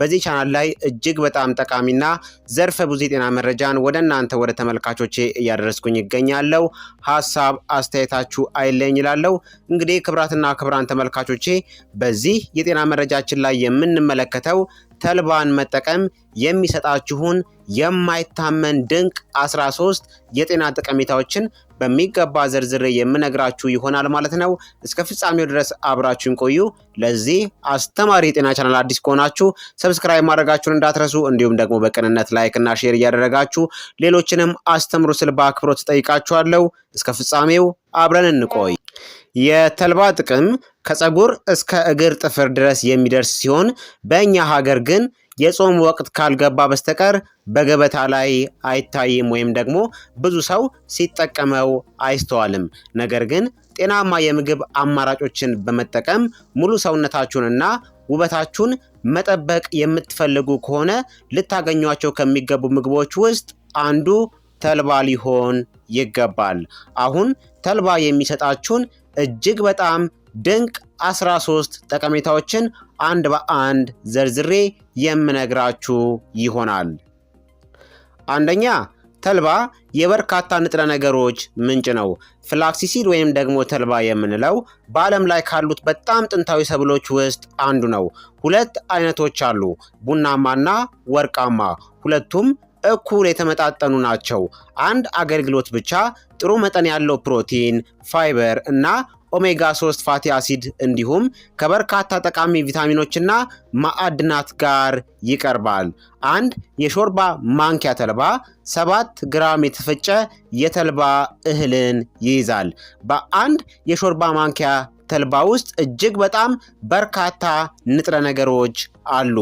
በዚህ ቻናል ላይ እጅግ በጣም ጠቃሚና ዘርፈ ብዙ የጤና መረጃን ወደ እናንተ ወደ ተመልካቾቼ እያደረስኩኝ ይገኛለው። ሀሳብ አስተያየታችሁ አይለኝ ይላለው። እንግዲህ ክብራትና ክብራን ተመልካቾቼ በዚህ የጤና መረጃችን ላይ የምንመለከተው ተልባን መጠቀም የሚሰጣችሁን የማይታመን ድንቅ 13 የጤና ጠቀሜታዎችን በሚገባ ዝርዝሬ የምነግራችሁ ይሆናል ማለት ነው። እስከ ፍጻሜው ድረስ አብራችሁን ቆዩ። ለዚህ አስተማሪ የጤና ቻናል አዲስ ከሆናችሁ ሰብስክራይብ ማድረጋችሁን እንዳትረሱ፣ እንዲሁም ደግሞ በቅንነት ላይክ እና ሼር እያደረጋችሁ ሌሎችንም አስተምሩ ስል በአክብሮት ጠይቃችኋለሁ። እስከ ፍጻሜው አብረን እንቆይ። የተልባ ጥቅም ከፀጉር እስከ እግር ጥፍር ድረስ የሚደርስ ሲሆን በእኛ ሀገር ግን የጾም ወቅት ካልገባ በስተቀር በገበታ ላይ አይታይም ወይም ደግሞ ብዙ ሰው ሲጠቀመው አይስተዋልም። ነገር ግን ጤናማ የምግብ አማራጮችን በመጠቀም ሙሉ ሰውነታችሁንና ውበታችሁን መጠበቅ የምትፈልጉ ከሆነ ልታገኟቸው ከሚገቡ ምግቦች ውስጥ አንዱ ተልባ ሊሆን ይገባል። አሁን ተልባ የሚሰጣችሁን እጅግ በጣም ድንቅ 13 ጠቀሜታዎችን አንድ በአንድ ዘርዝሬ የምነግራችሁ ይሆናል። አንደኛ ተልባ የበርካታ ንጥረ ነገሮች ምንጭ ነው። ፍላክሲሲድ ወይም ደግሞ ተልባ የምንለው በዓለም ላይ ካሉት በጣም ጥንታዊ ሰብሎች ውስጥ አንዱ ነው። ሁለት አይነቶች አሉ፣ ቡናማና ወርቃማ። ሁለቱም እኩል የተመጣጠኑ ናቸው። አንድ አገልግሎት ብቻ ጥሩ መጠን ያለው ፕሮቲን፣ ፋይበር እና ኦሜጋ 3 ፋቲ አሲድ እንዲሁም ከበርካታ ጠቃሚ ቪታሚኖችና ማዕድናት ጋር ይቀርባል። አንድ የሾርባ ማንኪያ ተልባ 7 ግራም የተፈጨ የተልባ እህልን ይይዛል። በአንድ የሾርባ ማንኪያ ተልባ ውስጥ እጅግ በጣም በርካታ ንጥረ ነገሮች አሉ።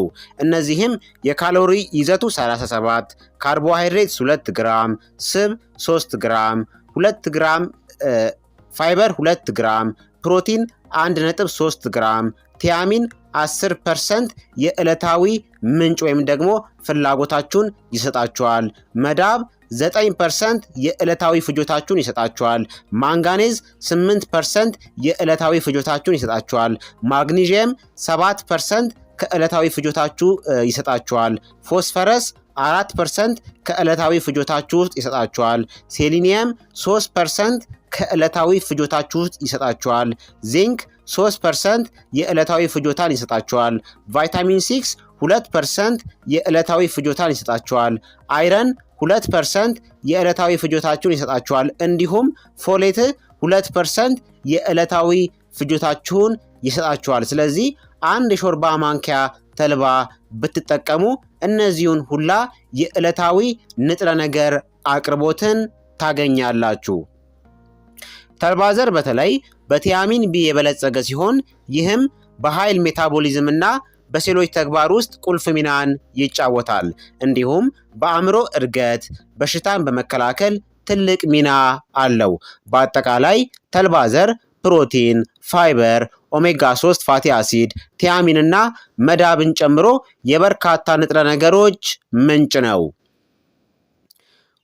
እነዚህም የካሎሪ ይዘቱ 37፣ ካርቦሃይድሬትስ 2 ግራም፣ ስብ 3 ግራም፣ 2 ግራም ፋይበር 2 ግራም፣ ፕሮቲን 1.3 ግራም፣ ቲያሚን 10 ፐርሰንት የዕለታዊ ምንጭ ወይም ደግሞ ፍላጎታችሁን ይሰጣችኋል። መዳብ 9 ፐርሰንት የዕለታዊ ፍጆታችሁን ይሰጣችኋል። ማንጋኔዝ 8 ፐርሰንት የዕለታዊ ፍጆታችሁን ይሰጣችኋል። ማግኒዥየም 7 ፐርሰንት ከዕለታዊ ፍጆታችሁ ይሰጣችኋል። ፎስፈረስ 4 ፐርሰንት ከዕለታዊ ፍጆታችሁ ውስጥ ይሰጣችኋል። ሴሊኒየም 3 ፐርሰንት ከዕለታዊ ፍጆታችሁ ውስጥ ይሰጣችኋል። ዚንክ 3 ፐርሰንት የዕለታዊ ፍጆታን ይሰጣችኋል። ቫይታሚን 6 2 ፐርሰንት የዕለታዊ ፍጆታን ይሰጣችኋል። አይረን ሁለት ፐርሰንት የዕለታዊ ፍጆታችሁን ይሰጣችኋል። እንዲሁም ፎሌት ሁለት ፐርሰንት የዕለታዊ ፍጆታችሁን ይሰጣችኋል። ስለዚህ አንድ የሾርባ ማንኪያ ተልባ ብትጠቀሙ እነዚሁን ሁላ የዕለታዊ ንጥረ ነገር አቅርቦትን ታገኛላችሁ። ተልባ ዘር በተለይ በቲያሚን ቢ የበለጸገ ሲሆን ይህም በኃይል ሜታቦሊዝምና በሴሎች ተግባር ውስጥ ቁልፍ ሚናን ይጫወታል። እንዲሁም በአእምሮ እድገት፣ በሽታን በመከላከል ትልቅ ሚና አለው። በአጠቃላይ ተልባ ዘር ፕሮቲን፣ ፋይበር፣ ኦሜጋ 3 ፋቲ አሲድ፣ ቲያሚንና መዳብን ጨምሮ የበርካታ ንጥረ ነገሮች ምንጭ ነው።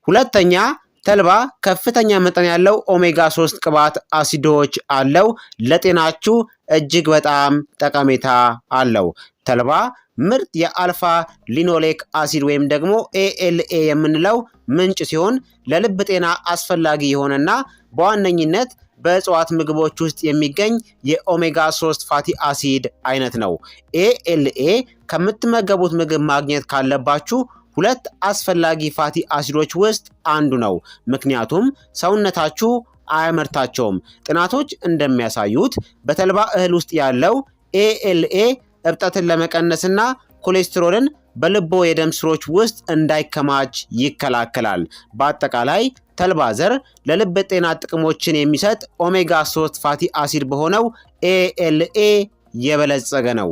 ሁለተኛ ተልባ ከፍተኛ መጠን ያለው ኦሜጋ 3 ቅባት አሲዶች አለው። ለጤናችሁ እጅግ በጣም ጠቀሜታ አለው። ተልባ ምርጥ የአልፋ ሊኖሌክ አሲድ ወይም ደግሞ ኤኤልኤ የምንለው ምንጭ ሲሆን ለልብ ጤና አስፈላጊ የሆነና በዋነኝነት በእጽዋት ምግቦች ውስጥ የሚገኝ የኦሜጋ 3 ፋቲ አሲድ አይነት ነው። ኤኤልኤ ከምትመገቡት ምግብ ማግኘት ካለባችሁ ሁለት አስፈላጊ ፋቲ አሲዶች ውስጥ አንዱ ነው። ምክንያቱም ሰውነታችሁ አያመርታቸውም። ጥናቶች እንደሚያሳዩት በተልባ እህል ውስጥ ያለው ኤኤልኤ እብጠትን ለመቀነስና ኮሌስትሮልን በልቦ የደም ስሮች ውስጥ እንዳይከማች ይከላከላል። በአጠቃላይ ተልባ ዘር ለልብ ጤና ጥቅሞችን የሚሰጥ ኦሜጋ 3 ፋቲ አሲድ በሆነው ኤኤልኤ የበለጸገ ነው።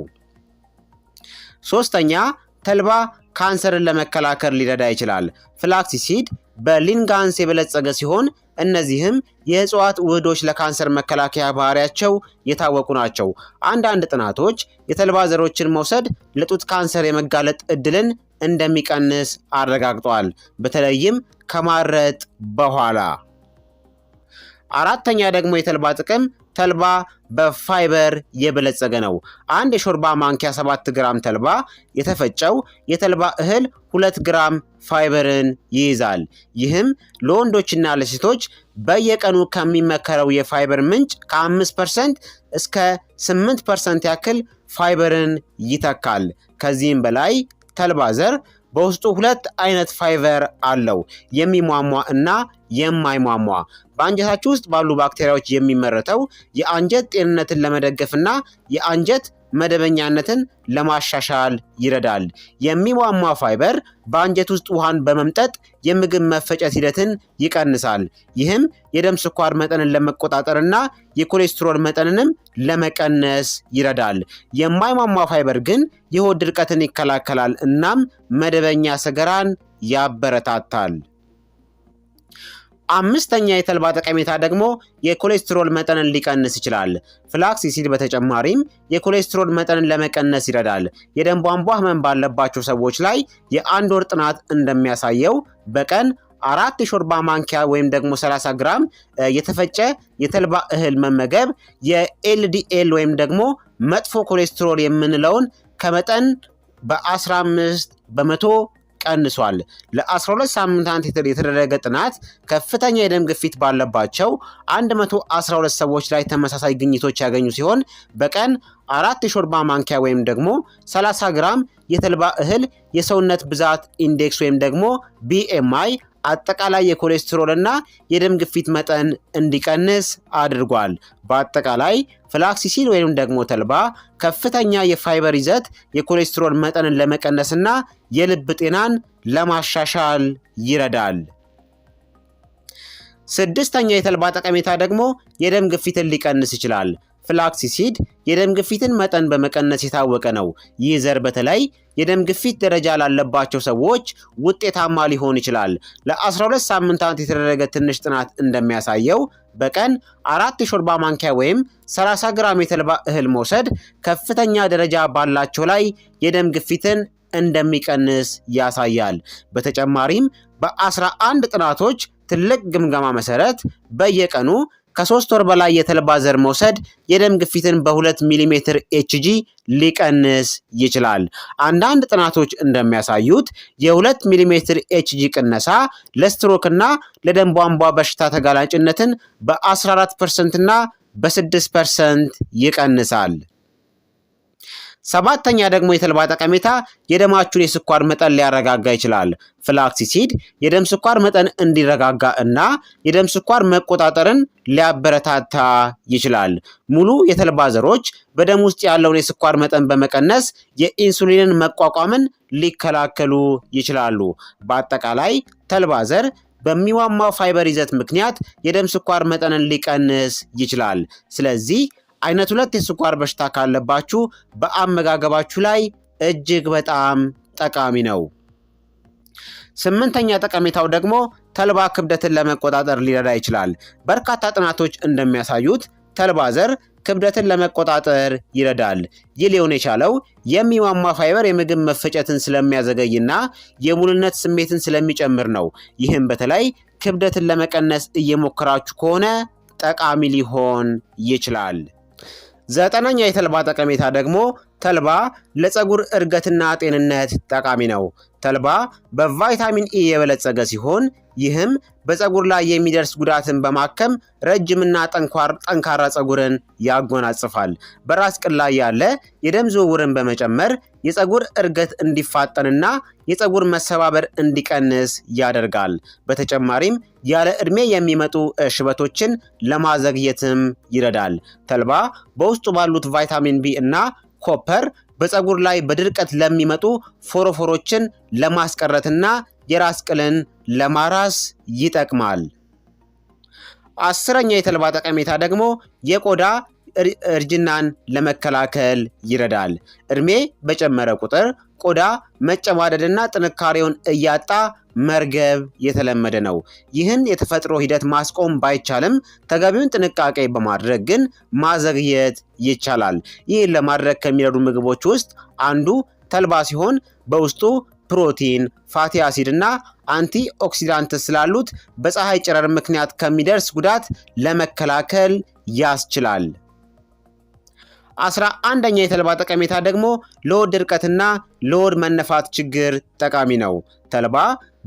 ሶስተኛ ተልባ ካንሰርን ለመከላከል ሊረዳ ይችላል። ፍላክሲሲድ በሊንጋንስ የበለጸገ ሲሆን እነዚህም የእጽዋት ውህዶች ለካንሰር መከላከያ ባህሪያቸው የታወቁ ናቸው። አንዳንድ ጥናቶች የተልባ ዘሮችን መውሰድ ለጡት ካንሰር የመጋለጥ እድልን እንደሚቀንስ አረጋግጧል። በተለይም ከማረጥ በኋላ። አራተኛ ደግሞ የተልባ ጥቅም ተልባ በፋይበር የበለጸገ ነው። አንድ የሾርባ ማንኪያ 7 ግራም ተልባ የተፈጨው የተልባ እህል 2 ግራም ፋይበርን ይይዛል። ይህም ለወንዶችና ለሴቶች በየቀኑ ከሚመከረው የፋይበር ምንጭ ከ5 ፐርሰንት እስከ 8 ፐርሰንት ያክል ፋይበርን ይተካል። ከዚህም በላይ ተልባ ዘር በውስጡ ሁለት አይነት ፋይበር አለው የሚሟሟ እና የማይሟሟ በአንጀታችሁ ውስጥ ባሉ ባክቴሪያዎች የሚመረተው የአንጀት ጤንነትን ለመደገፍና የአንጀት መደበኛነትን ለማሻሻል ይረዳል። የሚሟሟ ፋይበር በአንጀት ውስጥ ውሃን በመምጠጥ የምግብ መፈጨት ሂደትን ይቀንሳል። ይህም የደም ስኳር መጠንን ለመቆጣጠርና የኮሌስትሮል መጠንንም ለመቀነስ ይረዳል። የማይሟሟ ፋይበር ግን የሆድ ድርቀትን ይከላከላል እናም መደበኛ ሰገራን ያበረታታል። አምስተኛ የተልባ ጠቀሜታ ደግሞ የኮሌስትሮል መጠንን ሊቀንስ ይችላል። ፍላክስ ሲድ በተጨማሪም የኮሌስትሮል መጠንን ለመቀነስ ይረዳል። የደም ቧንቧ ህመም ባለባቸው ሰዎች ላይ የአንድ ወር ጥናት እንደሚያሳየው በቀን አራት የሾርባ ማንኪያ ወይም ደግሞ 30 ግራም የተፈጨ የተልባ እህል መመገብ የኤልዲኤል ወይም ደግሞ መጥፎ ኮሌስትሮል የምንለውን ከመጠን በ15 በመቶ ቀንሷል። ለ12 ሳምንታት የተደረገ ጥናት ከፍተኛ የደም ግፊት ባለባቸው 112 ሰዎች ላይ ተመሳሳይ ግኝቶች ያገኙ ሲሆን በቀን አራት የሾርባ ማንኪያ ወይም ደግሞ 30 ግራም የተልባ እህል የሰውነት ብዛት ኢንዴክስ ወይም ደግሞ ቢኤምአይ አጠቃላይ የኮሌስትሮልና የደም ግፊት መጠን እንዲቀንስ አድርጓል። በአጠቃላይ ፍላክሲሲን ወይም ደግሞ ተልባ ከፍተኛ የፋይበር ይዘት የኮሌስትሮል መጠንን ለመቀነስና የልብ ጤናን ለማሻሻል ይረዳል። ስድስተኛ የተልባ ጠቀሜታ ደግሞ የደም ግፊትን ሊቀንስ ይችላል። ፍላክሲሲድ የደም ግፊትን መጠን በመቀነስ የታወቀ ነው። ይህ ዘር በተለይ የደም ግፊት ደረጃ ላለባቸው ሰዎች ውጤታማ ሊሆን ይችላል። ለ12 ሳምንታት የተደረገ ትንሽ ጥናት እንደሚያሳየው በቀን አራት የሾርባ ማንኪያ ወይም 30 ግራም የተልባ እህል መውሰድ ከፍተኛ ደረጃ ባላቸው ላይ የደም ግፊትን እንደሚቀንስ ያሳያል። በተጨማሪም በ11 ጥናቶች ትልቅ ግምገማ መሰረት በየቀኑ ከሶስት ወር በላይ የተልባ ዘር መውሰድ የደም ግፊትን በሁለት ሚሊሜትር ኤችጂ ሊቀንስ ይችላል። አንዳንድ ጥናቶች እንደሚያሳዩት የሁለት ሚሊሜትር ኤችጂ ቅነሳ ለስትሮክና ለደም ቧንቧ በሽታ ተጋላጭነትን በ14 ፐርሰንትና በ6 ፐርሰንት ይቀንሳል። ሰባተኛ ደግሞ የተልባ ጠቀሜታ የደማችሁን የስኳር መጠን ሊያረጋጋ ይችላል። ፍላክሲሲድ የደም ስኳር መጠን እንዲረጋጋ እና የደም ስኳር መቆጣጠርን ሊያበረታታ ይችላል። ሙሉ የተልባ ዘሮች በደም ውስጥ ያለውን የስኳር መጠን በመቀነስ የኢንሱሊንን መቋቋምን ሊከላከሉ ይችላሉ። በአጠቃላይ ተልባ ዘር በሚዋማው ፋይበር ይዘት ምክንያት የደም ስኳር መጠንን ሊቀንስ ይችላል። ስለዚህ አይነት ሁለት የስኳር በሽታ ካለባችሁ በአመጋገባችሁ ላይ እጅግ በጣም ጠቃሚ ነው። ስምንተኛ ጠቀሜታው ደግሞ ተልባ ክብደትን ለመቆጣጠር ሊረዳ ይችላል። በርካታ ጥናቶች እንደሚያሳዩት ተልባ ዘር ክብደትን ለመቆጣጠር ይረዳል። ይህ ሊሆን የቻለው የሚሟሟ ፋይበር የምግብ መፈጨትን ስለሚያዘገይና የሙልነት ስሜትን ስለሚጨምር ነው። ይህም በተለይ ክብደትን ለመቀነስ እየሞከራችሁ ከሆነ ጠቃሚ ሊሆን ይችላል። ዘጠነኛ የተልባ ጠቀሜታ ደግሞ ተልባ ለፀጉር እድገትና ጤንነት ጠቃሚ ነው። ተልባ በቫይታሚን ኢ e የበለጸገ ሲሆን ይህም በፀጉር ላይ የሚደርስ ጉዳትን በማከም ረጅምና ጠንካራ ፀጉርን ያጎናጽፋል። በራስ ቅል ላይ ያለ የደም ዝውውርን በመጨመር የፀጉር እድገት እንዲፋጠንና የፀጉር መሰባበር እንዲቀንስ ያደርጋል። በተጨማሪም ያለ ዕድሜ የሚመጡ ሽበቶችን ለማዘግየትም ይረዳል። ተልባ በውስጡ ባሉት ቫይታሚን ቢ እና ኮፐር በፀጉር ላይ በድርቀት ለሚመጡ ፎሮፎሮችን ለማስቀረትና የራስ ቅልን ለማራስ ይጠቅማል። አስረኛ የተልባ ጠቀሜታ ደግሞ የቆዳ እርጅናን ለመከላከል ይረዳል። እድሜ በጨመረ ቁጥር ቆዳ መጨማደድና ጥንካሬውን እያጣ መርገብ የተለመደ ነው። ይህን የተፈጥሮ ሂደት ማስቆም ባይቻልም ተገቢውን ጥንቃቄ በማድረግ ግን ማዘግየት ይቻላል። ይህን ለማድረግ ከሚረዱ ምግቦች ውስጥ አንዱ ተልባ ሲሆን በውስጡ ፕሮቲን፣ ፋቲ አሲድ እና አንቲ ኦክሲዳንት ስላሉት በፀሐይ ጨረር ምክንያት ከሚደርስ ጉዳት ለመከላከል ያስችላል። አስራ አንደኛ የተልባ ጠቀሜታ ደግሞ ለሆድ ድርቀትና ለሆድ መነፋት ችግር ጠቃሚ ነው። ተልባ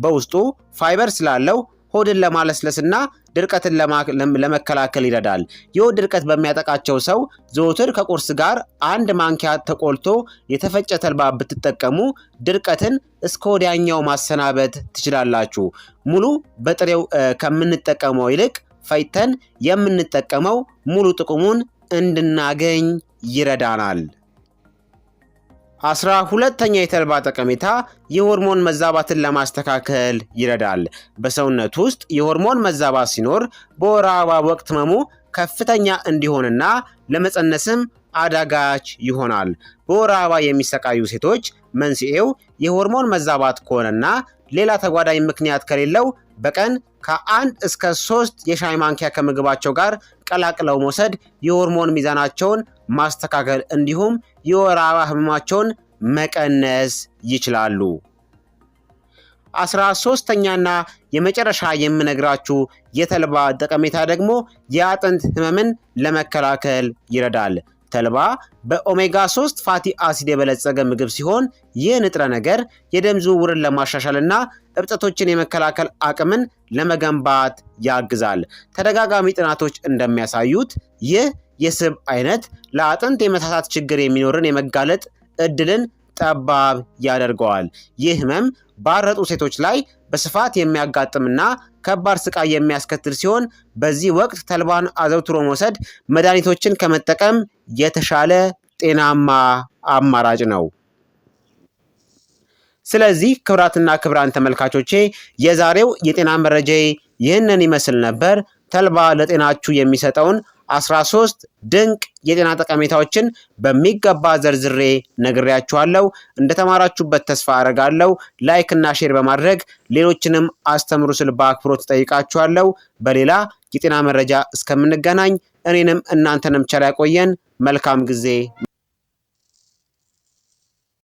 በውስጡ ፋይበር ስላለው ሆድን ለማለስለስና ድርቀትን ለመከላከል ይረዳል። የሆድ ድርቀት በሚያጠቃቸው ሰው ዘወትር ከቁርስ ጋር አንድ ማንኪያ ተቆልቶ የተፈጨ ተልባ ብትጠቀሙ ድርቀትን እስከ ወዲያኛው ማሰናበት ትችላላችሁ። ሙሉ በጥሬው ከምንጠቀመው ይልቅ ፈይተን የምንጠቀመው ሙሉ ጥቅሙን እንድናገኝ ይረዳናል። አስራ ሁለተኛ የተልባ ጠቀሜታ የሆርሞን መዛባትን ለማስተካከል ይረዳል። በሰውነት ውስጥ የሆርሞን መዛባት ሲኖር በወር አበባ ወቅት ህመሙ ከፍተኛ እንዲሆንና ለመፀነስም አዳጋች ይሆናል። በወር አበባ የሚሰቃዩ ሴቶች መንስኤው የሆርሞን መዛባት ከሆነና ሌላ ተጓዳኝ ምክንያት ከሌለው በቀን ከአንድ እስከ ሶስት የሻይ ማንኪያ ከምግባቸው ጋር ቀላቅለው መውሰድ የሆርሞን ሚዛናቸውን ማስተካከል እንዲሁም የወር አበባ ህመማቸውን መቀነስ ይችላሉ። አስራ ሶስተኛና የመጨረሻ የምነግራችሁ የተልባ ጠቀሜታ ደግሞ የአጥንት ህመምን ለመከላከል ይረዳል። ተልባ በኦሜጋ 3 ፋቲ አሲድ የበለጸገ ምግብ ሲሆን ይህ ንጥረ ነገር የደም ዝውውርን ለማሻሻልና እብጠቶችን የመከላከል አቅምን ለመገንባት ያግዛል። ተደጋጋሚ ጥናቶች እንደሚያሳዩት ይህ የስብ አይነት ለአጥንት የመሳሳት ችግር የሚኖርን የመጋለጥ እድልን ጠባብ ያደርገዋል። ይህ ህመም ባረጡ ሴቶች ላይ በስፋት የሚያጋጥምና ከባድ ስቃይ የሚያስከትል ሲሆን በዚህ ወቅት ተልባን አዘውትሮ መውሰድ መድኃኒቶችን ከመጠቀም የተሻለ ጤናማ አማራጭ ነው። ስለዚህ ክብራትና ክብራን ተመልካቾቼ የዛሬው የጤና መረጃ ይህንን ይመስል ነበር። ተልባ ለጤናችሁ የሚሰጠውን 13 ድንቅ የጤና ጠቀሜታዎችን በሚገባ ዘርዝሬ ነግሬያችኋለሁ። እንደተማራችሁበት ተስፋ አደርጋለሁ። ላይክ እና ሼር በማድረግ ሌሎችንም አስተምሩ ስል በአክብሮት ጠይቃችኋለሁ። በሌላ የጤና መረጃ እስከምንገናኝ እኔንም እናንተንም ቸር ያቆየን። መልካም ጊዜ